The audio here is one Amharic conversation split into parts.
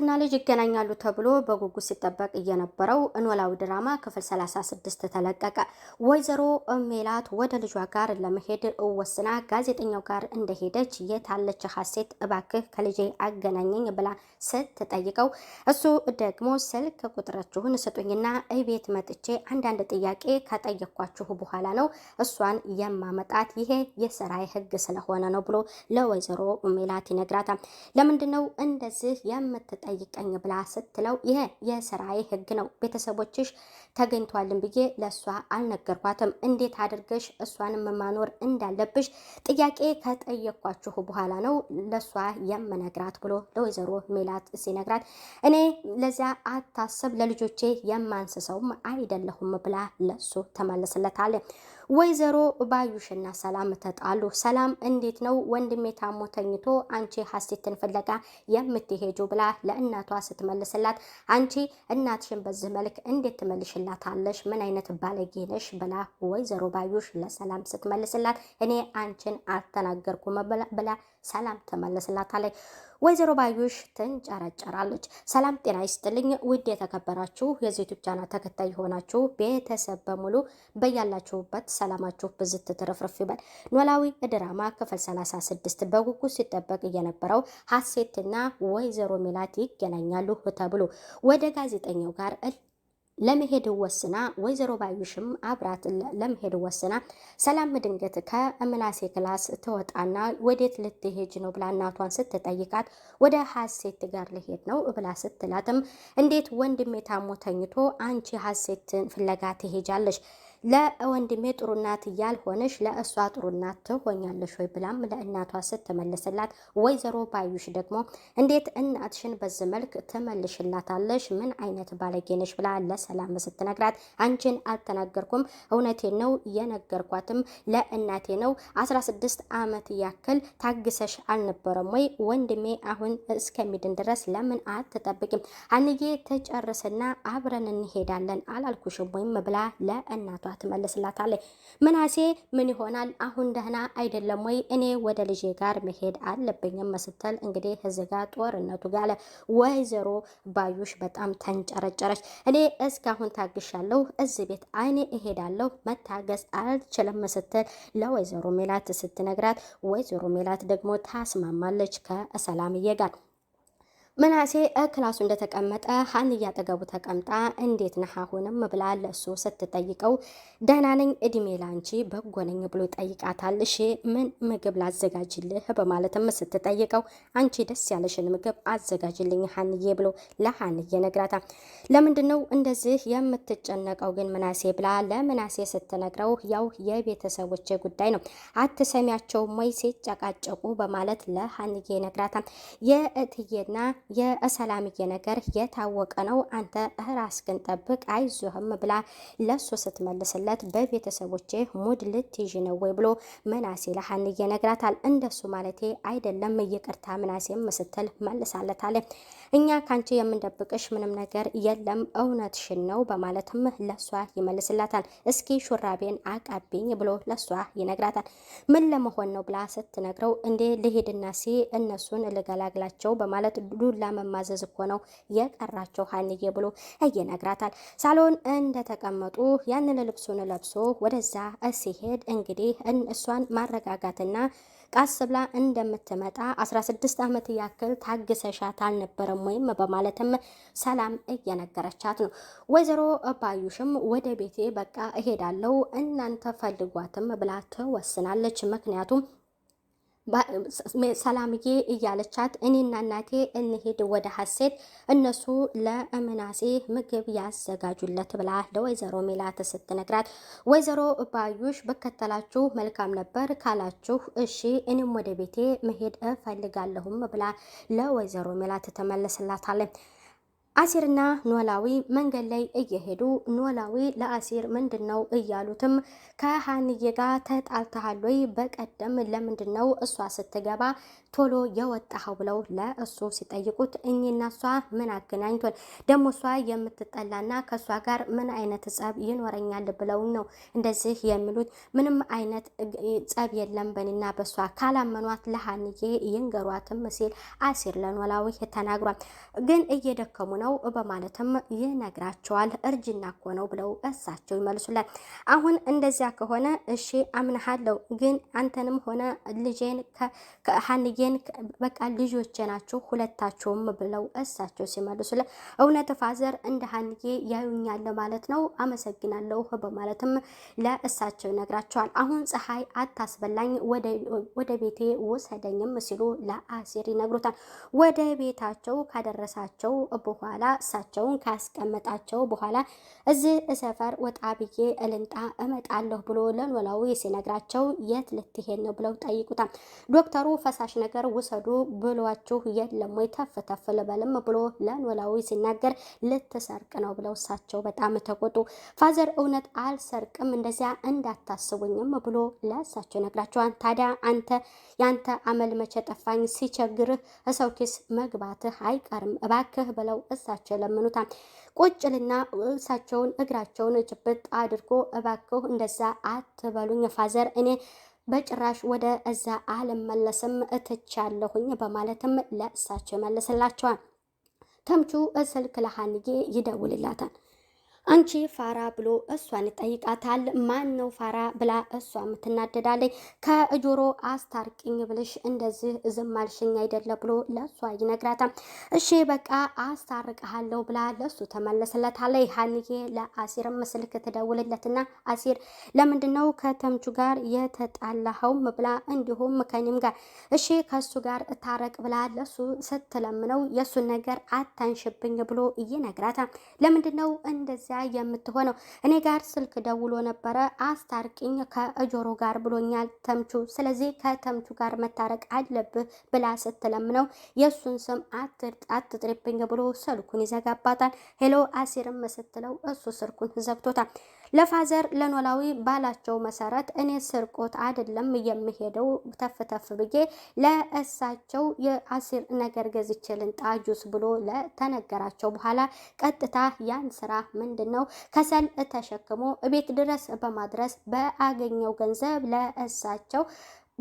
እናትና ልጅ ይገናኛሉ ተብሎ በጉጉት ሲጠበቅ እየነበረው ኖላዊ ድራማ ክፍል 36 ተለቀቀ። ወይዘሮ ሜላት ወደ ልጇ ጋር ለመሄድ ወስና ጋዜጠኛው ጋር እንደሄደች የታለች ሀሴት እባክህ ከልጄ አገናኘኝ ብላ ስትጠይቀው እሱ ደግሞ ስልክ ቁጥራችሁን ስጡኝና እቤት መጥቼ አንዳንድ ጥያቄ ከጠየኳችሁ በኋላ ነው እሷን የማመጣት ይሄ የስራ ህግ ስለሆነ ነው ብሎ ለወይዘሮ ሜላት ይነግራታል። ለምንድነው እንደዚህ የምትጠ ጠይቀኝ ብላ ስትለው ይሄ የስራዬ ህግ ነው፣ ቤተሰቦችሽ ተገኝቷልን ብዬ ለእሷ አልነገርኳትም። እንዴት አድርገሽ እሷንም ማኖር እንዳለብሽ ጥያቄ ከጠየኳችሁ በኋላ ነው ለእሷ የምነግራት ብሎ ለወይዘሮ ሜላት ሲነግራት እኔ ለዚያ አታስብ፣ ለልጆቼ የማንስሰውም አይደለሁም ብላ ለሱ ተመለስለታለ። ወይዘሮ ባዩሽና ሰላም ተጣሉ። ሰላም እንዴት ነው ወንድሜ ታሞ ተኝቶ አንቺ ሀሴትን ፍለጋ የምትሄጁ ብላ ለእናቷ ስትመልስላት፣ አንቺ እናትሽን በዚህ መልክ እንዴት ትመልሽላታለሽ? ምን አይነት ባለጌ ነሽ? ብላ ወይዘሮ ባዩሽ ለሰላም ስትመልስላት፣ እኔ አንቺን አልተናገርኩም ብላ ሰላም ትመልስላታለች። ወይዘሮ ባዩሽ ትንጨረጨራለች። ሰላም ጤና ይስጥልኝ ውድ የተከበራችሁ የዩቲዩብ ቻናል ተከታይ የሆናችሁ ቤተሰብ በሙሉ በያላችሁበት ሰላማችሁ ብዝት ትርፍርፍ ይበል። ኖላዊ ድራማ ክፍል 36 በጉጉት ሲጠበቅ የነበረው ሀሴትና ወይዘሮ ሚላት ይገናኛሉ ተብሎ ወደ ጋዜጠኛው ጋር ለመሄድ ወስና ወይዘሮ ባዩሽም አብራት ለመሄድ ወስና ሰላም ድንገት ከምናሴ ክላስ ትወጣና ወዴት ልትሄጅ ነው ብላ እናቷን ስትጠይቃት ወደ ሀሴት ጋር ልሄድ ነው ብላ ስትላትም እንዴት ወንድሜ ታሞ ተኝቶ አንቺ ሀሴትን ፍለጋ ትሄጃለሽ? ለወንድሜ ጥሩናት ያልሆነሽ ለእሷ ጥሩናት ትሆኛለሽ ወይ ብላም ለእናቷ ስትመልስላት፣ ወይዘሮ ባዩሽ ደግሞ እንዴት እናትሽን በዚህ መልክ ትመልሽላታለሽ? ምን አይነት ባለጌ ብላ ለሰላም ስትነግራት አንቺን አልተናገርኩም፣ እውነቴ ነው የነገርኳትም ለእናቴ ነው። 16 ዓመት ያክል ታግሰሽ አልነበረም ወይ? ወንድሜ አሁን እስከሚድን ድረስ ለምን አትጠብቂም? አንዬ ተጨርስና አብረን እንሄዳለን አላልኩሽም ወይም ብላ ለእናቷ አባባ ትመልስላታለች። ምናሴ ምን ይሆናል አሁን ደህና አይደለም ወይ? እኔ ወደ ልጄ ጋር መሄድ አለብኝም ስትል እንግዲህ እዚህ ጋር ጦርነቱ ጋለ ወይዘሮ ባዩሽ በጣም ተንጨረጨረች። እኔ እስካሁን ታግሻለሁ፣ እዚህ ቤት አይኔ እሄዳለሁ፣ መታገስ አልችልም ስትል ለወይዘሮ ሜላት ስትነግራት፣ ወይዘሮ ሜላት ደግሞ ታስማማለች ከሰላምዬ ጋር ምናሴ ክላሱ እንደተቀመጠ ሀን እያጠገቡ ተቀምጣ እንዴት ነህ አሁንም ብላ ለእሱ ስትጠይቀው ደህና ነኝ እድሜ ላንቺ በጎ ነኝ ብሎ ይጠይቃታል። እሺ ምን ምግብ ላዘጋጅልህ በማለትም ስትጠይቀው አንቺ ደስ ያለሽን ምግብ አዘጋጅልኝ ሀንዬ ብሎ ለሀንዬ ነግራታ። ለምንድን ነው እንደዚህ የምትጨነቀው ግን ምናሴ ብላ ለምናሴ ስትነግረው ያው የቤተሰቦች ጉዳይ ነው አትሰሚያቸው ወይ ሲጨቃጨቁ በማለት ለሀንዬ ነግራታ የእትዬና የሰላምዬ ነገር የታወቀ ነው። አንተ ራስህን ጠብቅ አይዞህም ብላ ለሱ ስትመልስለት በቤተሰቦቼ ሙድ ልትይዥ ነው ወይ ብሎ ምናሴ ለሀንዬ ነግራታል። እንደሱ ማለቴ አይደለም ይቅርታ ምናሴም ስትል መልሳለታል። እኛ ካንቺ የምንደብቅሽ ምንም ነገር የለም እውነትሽን ነው በማለትም ለሷ ይመልስላታል። እስኪ ሹራቤን አቃቢኝ ብሎ ለሷ ይነግራታል። ምን ለመሆን ነው ብላ ስትነግረው እንዴ ልሄድና ሲ እነሱን ልገላግላቸው በማለት ዱላ ሁላ መማዘዝ እኮ ነው የቀራቸው ሀንዬ ብሎ እየነግራታል። ሳሎን እንደተቀመጡ ያንን ልብሱን ለብሶ ወደዛ ሲሄድ እንግዲህ እሷን ማረጋጋትና ቃስ ብላ እንደምትመጣ 16 ዓመት ያክል ታግሰሻት አልነበረም ወይም በማለትም ሰላም እየነገረቻት ነው። ወይዘሮ ባዩሽም ወደ ቤቴ በቃ እሄዳለሁ እናንተ ፈልጓትም ብላ ትወስናለች። ምክንያቱም ሰላምዬ እያለቻት እኔና እናቴ እንሄድ ወደ ሀሴት እነሱ ለምናሴ ምግብ ያዘጋጁለት ብላ ለወይዘሮ ሜላት ስትነግራት፣ ወይዘሮ ባዩሽ በከተላችሁ መልካም ነበር ካላችሁ እሺ እኔም ወደ ቤቴ መሄድ እፈልጋለሁም ብላ ለወይዘሮ ሜላት ትመልስላታለች። አሲርና ኖላዊ መንገድ ላይ እየሄዱ ኖላዊ ለአሲር ምንድን ነው እያሉትም ከሀንዬ ጋር ተጣልተሃል ወይ? በቀደም ለምንድን ነው እሷ ስትገባ ቶሎ የወጣኸው ብለው ለእሱ ሲጠይቁት እኚህና እሷ ምን አገናኝቶን ደግሞ እሷ የምትጠላና ከእሷ ጋር ምን አይነት ጸብ ይኖረኛል ብለው ነው እንደዚህ የሚሉት። ምንም አይነት ጸብ የለም በኔና በእሷ ካላመኗት ለሀንዬ ይንገሯትም ሲል አሲር ለኖላዊ ተናግሯል። ግን እየደከሙ ነው በማለትም ይነግራቸዋል። እርጅና እኮ ነው ብለው እሳቸው ይመልሱላል። አሁን እንደዚያ ከሆነ እሺ አምናሃለሁ፣ ግን አንተንም ሆነ ልጄን ከሀንዬ በቃ ልጆቼ ናቸው ሁለታቸውም ብለው እሳቸው ሲመልሱ ላይ እውነት ፋዘር እንደ ሀንዬ ያዩኛል ማለት ነው አመሰግናለሁ በማለትም ለእሳቸው ይነግራቸዋል። አሁን ፀሐይ አታስበላኝ ወደ ቤቴ ውሰደኝም ሲሉ ለአሴር ይነግሩታል። ወደ ቤታቸው ካደረሳቸው በኋላ እሳቸውን ካስቀመጣቸው በኋላ እዚህ ሰፈር ወጣ ብዬ እልንጣ እመጣለሁ ብሎ ለኖላዊ ሲነግራቸው የት ልትሄድ ነው ብለው ጠይቁታል። ዶክተሩ ፈሳሽ ነ ነገር ውሰዱ ብሏችሁ የለም ወይ? ተፍ ተፍ ልበልም ብሎ ለኖላዊ ሲናገር ልትሰርቅ ነው ብለው እሳቸው በጣም ተቆጡ። ፋዘር እውነት አልሰርቅም እንደዚያ እንዳታስቡኝም ብሎ ለእሳቸው ነግራቸዋል። ታዲያ አንተ ያንተ አመል መቼ ጠፋኝ፣ ሲቸግርህ እሰው ኪስ መግባትህ አይቀርም እባክህ ብለው እሳቸው የለምኑታል። ቁጭልና እሳቸውን እግራቸውን ጭብጥ አድርጎ እባክህ እንደዛ አትበሉኝ ፋዘር እኔ በጭራሽ ወደ እዛ አልመለስም እትቻለሁኝ በማለትም ለእሳቸው ይመልስላቸዋል። ተምቹ ስልክ ለሀንዬ ይደውልላታል። አንቺ ፋራ ብሎ እሷን ይጠይቃታል። ማን ነው ፋራ ብላ እሷ የምትናደዳለች። ከጆሮ አስታርቅኝ ብልሽ እንደዚህ ዝም አልሽኝ አይደለ ብሎ ለእሷ ይነግራታል። እሺ በቃ አስታርቅሃለሁ ብላ ለእሱ ተመለሰለታለች። ሀንዬ ለአሲርም ስልክ ትደውልለትና አሲር ለምንድን ነው ከተምቹ ጋር የተጣላኸውም ብላ እንዲሁም ከኔም ጋር እሺ ከእሱ ጋር ታረቅ ብላ ለእሱ ስትለምነው የእሱን ነገር አታንሽብኝ ብሎ ይነግራታል። ለምንድን ነው እንደዚያ የምትሆነው። እኔ ጋር ስልክ ደውሎ ነበረ አስታርቅኝ ከእጆሮ ጋር ብሎኛል ተምቹ፣ ስለዚህ ከተምቹ ጋር መታረቅ አለብህ ብላ ስትለምነው የእሱን ስም አትጥሪብኝ ብሎ ስልኩን ይዘጋባታል። ሄሎ አሲርም ስትለው እሱ ስልኩን ዘግቶታል። ለፋዘር ለኖላዊ ባላቸው መሰረት እኔ ስርቆት አይደለም የምሄደው ተፍተፍ ብዬ ለእሳቸው የአሲር ነገር ገዝቼ ልንጣ ጁስ ብሎ ለተነገራቸው በኋላ ቀጥታ ያን ስራ ምንድን ነው ከሰል ተሸክሞ እቤት ድረስ በማድረስ በአገኘው ገንዘብ ለእሳቸው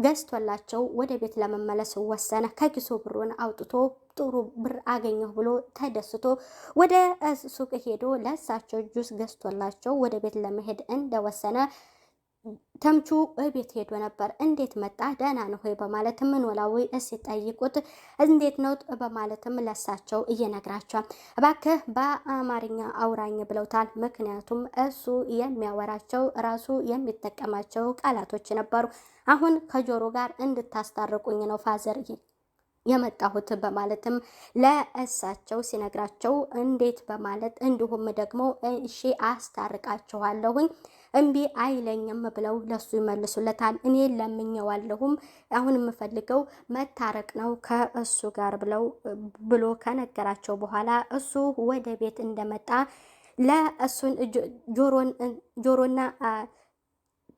ገዝቶላቸው ወደ ቤት ለመመለስ ወሰነ። ከኪሱ ብሩን አውጥቶ ጥሩ ብር አገኘሁ ብሎ ተደስቶ ወደ ሱቅ ሄዶ ለእሳቸው ጁስ ገዝቶላቸው ወደ ቤት ለመሄድ እንደወሰነ ተምቹ ቤት ሄዶ ነበር። እንዴት መጣ ደህና ነው ሆይ በማለትም ኖላዊ ሲጠይቁት እንዴት ነው በማለትም ለሳቸው እየነግራቸው እባክህ በአማርኛ አውራኝ ብለውታል። ምክንያቱም እሱ የሚያወራቸው ራሱ የሚጠቀማቸው ቃላቶች ነበሩ። አሁን ከጆሮ ጋር እንድታስታርቁኝ ነው ፋዘር የመጣሁት በማለትም ለእሳቸው ሲነግራቸው እንዴት በማለት እንዲሁም ደግሞ እሺ አስታርቃችኋለሁኝ እምቢ አይለኝም ብለው ለሱ ይመልሱለታል። እኔ ለምኘዋለሁም አሁን የምፈልገው መታረቅ ነው ከእሱ ጋር ብለው ብሎ ከነገራቸው በኋላ እሱ ወደ ቤት እንደመጣ ለእሱን ጆሮና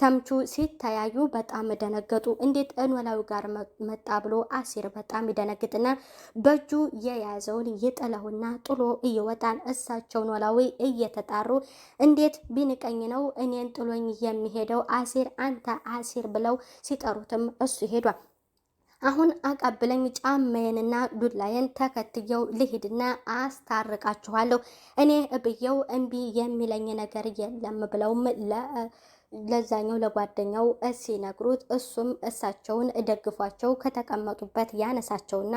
ተምቹ ሲተያዩ በጣም ደነገጡ። እንዴት እንወላዊ ጋር መጣ ብሎ አሲር በጣም ይደነግጥና በእጁ የያዘውን ይጥለውና ጥሎ ይወጣል እሳቸው ኖላዊ እየተጣሩ እንዴት ቢንቀኝ ነው እኔን ጥሎኝ የሚሄደው አሲር አንተ አሲር ብለው ሲጠሩትም እሱ ይሄዷል። አሁን አቀብለኝ ጫማዬንና ዱላዬን ተከትየው ልሂድና አስታርቃችኋለሁ እኔ እብየው እምቢ የሚለኝ ነገር የለም ብለውም ለዛኛው ለጓደኛው ሲነግሩት እሱም እሳቸውን ደግፏቸው ከተቀመጡበት ያነሳቸውና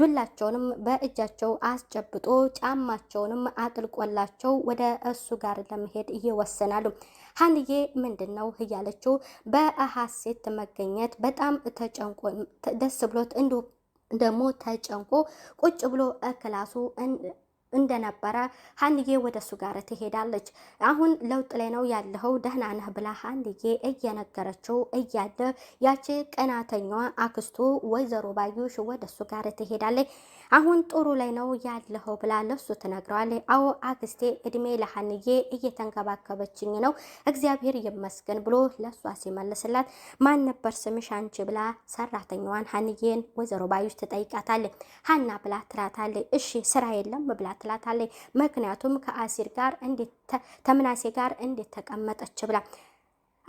ዱላቸውንም በእጃቸው አስጨብጦ ጫማቸውንም አጥልቆላቸው ወደ እሱ ጋር ለመሄድ ይወሰናሉ። ሀንዬ ምንድን ነው እያለችው በሀሴት መገኘት በጣም ተጨንቆ ደስ ብሎት እንዲሁ ደግሞ ተጨንቆ ቁጭ ብሎ ክላሱ እንደነበረ ሀንዬ ወደ እሱ ጋር ትሄዳለች። አሁን ለውጥ ላይ ነው ያለኸው ደህና ነህ ብላ ሀንዬ እየነገረችው እያለ ያቺ ቀናተኛዋ አክስቱ ወይዘሮ ባዩሽ ወደ እሱ ጋር ትሄዳለች። አሁን ጥሩ ላይ ነው ያለኸው ብላ ለሱ ትነግረዋለች። አዎ አክስቴ እድሜ ለሀንዬ እየተንከባከበችኝ ነው እግዚአብሔር ይመስገን ብሎ ለሷ ሲመልስላት ማን ነበር ስምሽ አንቺ ብላ ሰራተኛዋን ሀንዬን ወይዘሮ ባዩሽ ትጠይቃታለች። ሀና ብላ ትላታለች። እሺ ስራ የለም ብላ ትላታለች። ምክንያቱም ከአሲር ጋር እንዴት ተምናሴ ጋር እንዴት ተቀመጠች ብላ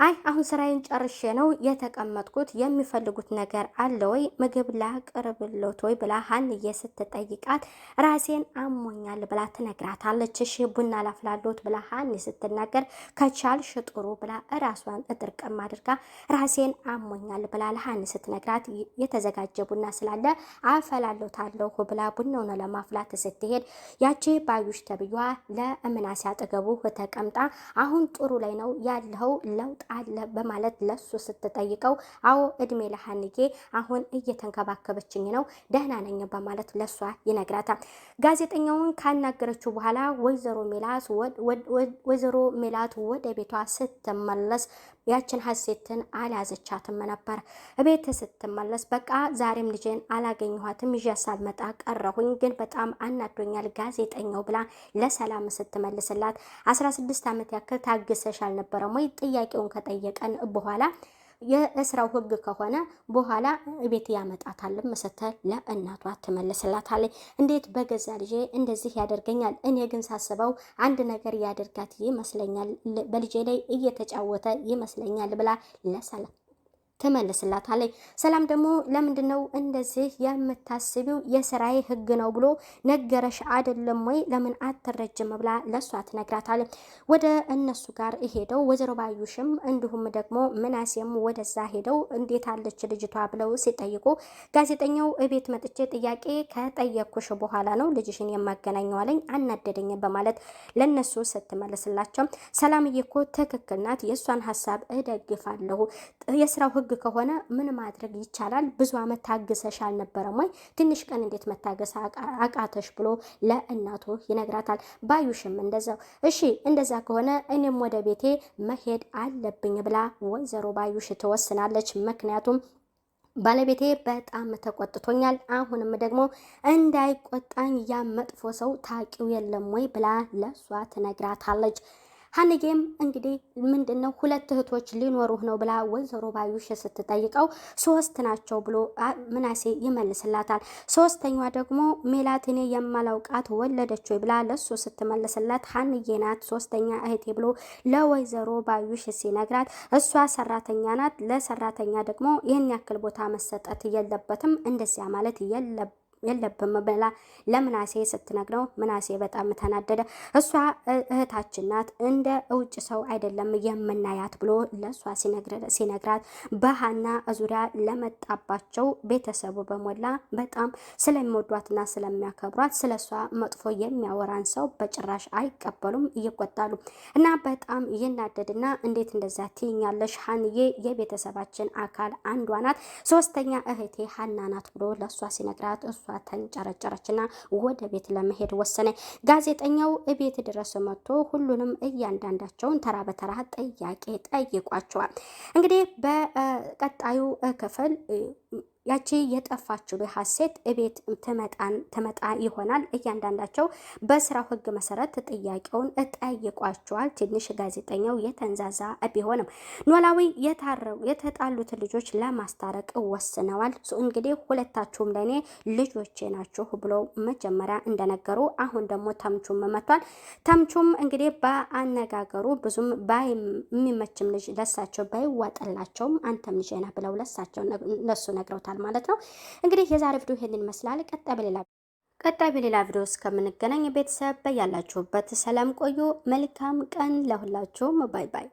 አይ አሁን ስራዬን ጨርሼ ነው የተቀመጥኩት። የሚፈልጉት ነገር አለ ወይ ምግብ ላቅርብሎት ወይ ብላ ሀንዬ ስትጠይቃት ራሴን አሞኛል ብላ ትነግራታለች። እሺ ቡና ላፍላሎት ብላ ሀን ስትናገር ከቻልሽ ጥሩ ብላ ራሷን እጥርቅም አድርጋ ራሴን አሞኛል ብላ ለሀን ስትነግራት የተዘጋጀ ቡና ስላለ አፈላሎታለሁ ብላ ቡናውን ለማፍላት ስትሄድ ያቺ ባዩሽ ተብያ ለእምናሴ አጠገቡ ተቀምጣ አሁን ጥሩ ላይ ነው ያለው ለውጥ አለ በማለት ለሱ ስትጠይቀው አዎ እድሜ ለሀንጌ አሁን እየተንከባከበችኝ ነው ደህና ነኝ በማለት ለሷ ይነግራታል። ጋዜጠኛውን ካናገረችው በኋላ ወይዘሮ ሜላት ወይዘሮ ሜላት ወደ ቤቷ ስትመለስ ያችን ሀሴትን አልያዘቻትም ነበር። እቤት ስትመለስ በቃ ዛሬም ልጄን አላገኘኋትም ይዤ ሳልመጣ ቀረሁኝ፣ ግን በጣም አናዶኛል ጋዜጠኛው ብላ ለሰላም ስትመልስላት 16 ዓመት ያክል ታግሰሽ አልነበረም ወይ ጥያቄውን ከጠየቀን በኋላ የእስራው ህግ ከሆነ በኋላ ቤት ያመጣታልም ስትል ለእናቷ ትመልስላታለች። እንዴት በገዛ ልጄ እንደዚህ ያደርገኛል? እኔ ግን ሳስበው አንድ ነገር ያደርጋት ይመስለኛል፣ በልጄ ላይ እየተጫወተ ይመስለኛል ብላ ለሰላም ትመልስላታለች። ሰላም ደግሞ ለምንድን ነው እንደዚህ የምታስቢው? የስራዬ ህግ ነው ብሎ ነገረሽ አይደለም ወይ? ለምን አትረጅም? ብላ ለእሷ ትነግራታለች። ወደ እነሱ ጋር ሄደው ወይዘሮ ባዩሽም እንዲሁም ደግሞ ምናሴም ወደዛ ሄደው እንዴት አለች ልጅቷ ብለው ሲጠይቁ ጋዜጠኛው እቤት መጥቼ ጥያቄ ከጠየኩሽ በኋላ ነው ልጅሽን የማገናኘው አለኝ አናደደኝ በማለት ለነሱ ስትመልስላቸው ሰላምዬ እኮ ትክክል ናት፣ የእሷን ሀሳብ እደግፋለሁ የስራው ህግ ህግ ከሆነ ምን ማድረግ ይቻላል? ብዙ አመት ታግሰሽ አልነበረም ወይ? ትንሽ ቀን እንዴት መታገስ አቃተሽ? ብሎ ለእናቱ ይነግራታል። ባዩሽም እንደዛው እሺ፣ እንደዛ ከሆነ እኔም ወደ ቤቴ መሄድ አለብኝ ብላ ወይዘሮ ባዩሽ ትወስናለች። ምክንያቱም ባለቤቴ በጣም ተቆጥቶኛል። አሁንም ደግሞ እንዳይቆጣኝ ያ መጥፎ ሰው ታውቂው የለም ወይ ብላ ለሷ ትነግራታለች። ሀንጌም እንግዲህ ምንድን ነው ሁለት እህቶች ሊኖሩህ ነው ብላ ወይዘሮ ባዩሽ ስትጠይቀው ሶስት ናቸው ብሎ ምናሴ ይመልስላታል። ሶስተኛ ደግሞ ሜላትኔ የማላውቃት ወለደች ብላ ለሱ ስትመልስላት ሀንጌ ናት ሶስተኛ እህቴ ብሎ ለወይዘሮ ባዩሽ ሲነግራት እሷ ሰራተኛ ናት፣ ለሰራተኛ ደግሞ ይህን ያክል ቦታ መሰጠት የለበትም እንደዚያ ማለት የለበትም የለብም ብላ ለምናሴ ስትነግረው ምናሴ በጣም ተናደደ። እሷ እህታችን ናት እንደ እውጭ ሰው አይደለም የምናያት ብሎ ለእሷ ሲነግራት በሀና ዙሪያ ለመጣባቸው ቤተሰቡ በሞላ በጣም ስለሚወዷትና ስለሚያከብሯት ስለ እሷ መጥፎ የሚያወራን ሰው በጭራሽ አይቀበሉም፣ ይቆጣሉ። እና በጣም ይናደድና እንዴት እንደዛ ትይኛለሽ? ሀንዬ የቤተሰባችን አካል አንዷ ናት፣ ሶስተኛ እህቴ ሀና ናት ብሎ ለእሷ ሲነግራት እሷ ተንጨረጨረችና ወደ ቤት ለመሄድ ወሰነ። ጋዜጠኛው እቤት ድረስ መጥቶ ሁሉንም እያንዳንዳቸውን ተራ በተራ ጥያቄ ጠይቋቸዋል። እንግዲህ በቀጣዩ ክፍል ያቺ የጠፋችው ሀሴት እቤት ትመጣ ይሆናል። እያንዳንዳቸው በስራው ህግ መሰረት ጥያቄውን እጠይቋቸዋል። ትንሽ ጋዜጠኛው የተንዛዛ ቢሆንም ኖላዊ የተጣሉት ልጆች ለማስታረቅ ወስነዋል። እንግዲህ ሁለታችሁም ለእኔ ልጆቼ ናችሁ ብሎ መጀመሪያ እንደነገሩ አሁን ደግሞ ተምቹም መቷል። ተምቹም እንግዲህ በአነጋገሩ ብዙም የሚመችም ልጅ ለሳቸው ባይዋጠላቸውም አንተም ልጄ ነህ ብለው ለሳቸው እነሱ ነግረውታል። ይሆናል ማለት ነው። እንግዲህ የዛሬ ቪዲዮ ይህንን ይመስላል። ቀጣይ በሌላ ቀጣይ በሌላ ቪዲዮ እስከምንገናኝ ቤተሰብ በያላችሁበት ሰላም ቆዩ። መልካም ቀን ለሁላችሁም። ባይ ባይ።